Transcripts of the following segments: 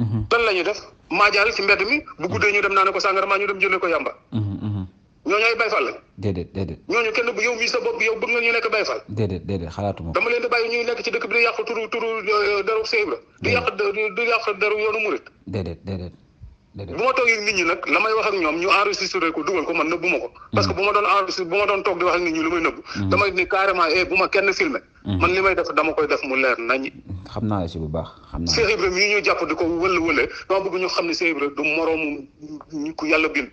Mhm. lan la ñuy def maajaal ci mbedd mi bu guddee ñu dem naa ne ko sàngara maa ñu dem jëlee ko yàmba. Mhm, mhm. ñooñu bay fal la. déedéet déedéet. ñooñu kenn yow mii sa bopp yow bëgg nga ñu nekk fal déedéet déedéet xalaatu ma. dama leen di bàyyi ñuy nekk ci dëkk bi di yàq turu turu euh, deru Sèye la. di yàq di deru yoonu Mouride. déedéet déedéet. bu ma toogee ak nit ñi nag la may wax ak ñoom ñu enregistré ko dugal ko man nëbbu ma ko parce que bu ma doon enregistré bu ma doon toog di wax nit ñi lu nëbbu mm. eh, bu ma kenn filmé mm. man li may def dama koy def mu leer nañ xam naa si bu baax xam naa yi ñu jàpp di ko wëla wële dama bëgg ñu xam ne Cheikh Ibrahima du moroomu ku yàlla bind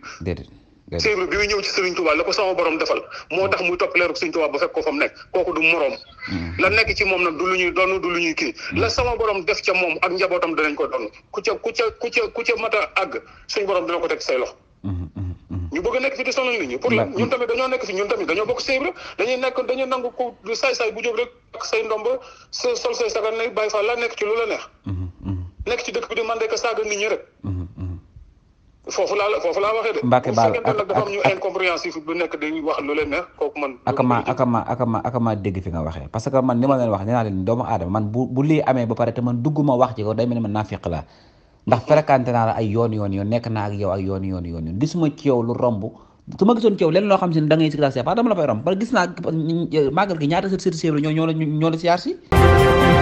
Seydou bi muy ñëw ci Serigne Touba la ko sama borom defal moo hmm. tax muy topp leeru Serigne Touba ba fekk ko fa nekk kooku du moroom hmm. la nekk ci moom nag du lu ñuy doon du lu ñuy kii hmm. la sama borom def ca moom ak njabootam danañ ko doon ku ca ku ca ku ku ca mat a àgg suñ borom dina ko teg say loxo ñu bëgg nekk fi di sonal nit ñu pour la ñun tamit dañoo nekk fi ñun tamit dañoo bokk Seydou dañuy nekk dañuy nangu ko saay-saay bu jóg rek ak say ndomba sa sol say sagan ne bàyyi fa la nekk ci lu la neex nekk ci dëkk bi di mandeka saaga nit ñi rek foofu laa la foofu laa waxee de. Mbacke Baal bu nekk di wax lu leen ne kooku man. ak fi nga waxee parce que man li ma leen wax nee leen doomu aadama man bu bu amee ba pare te man dugguma wax ci ko day mel ni man naafiq la ndax te naa la ay yoon yoon yoon nekk naa ak yow yoon yoon yoon yoon gisuma lu romb su ma gisoon ci yow loo xam si ne da ngay siglacé pas dama la fay romb parce gis naa euh, màggal gi ñaata sët sët sëb la ñoo ñoo la ñoo la si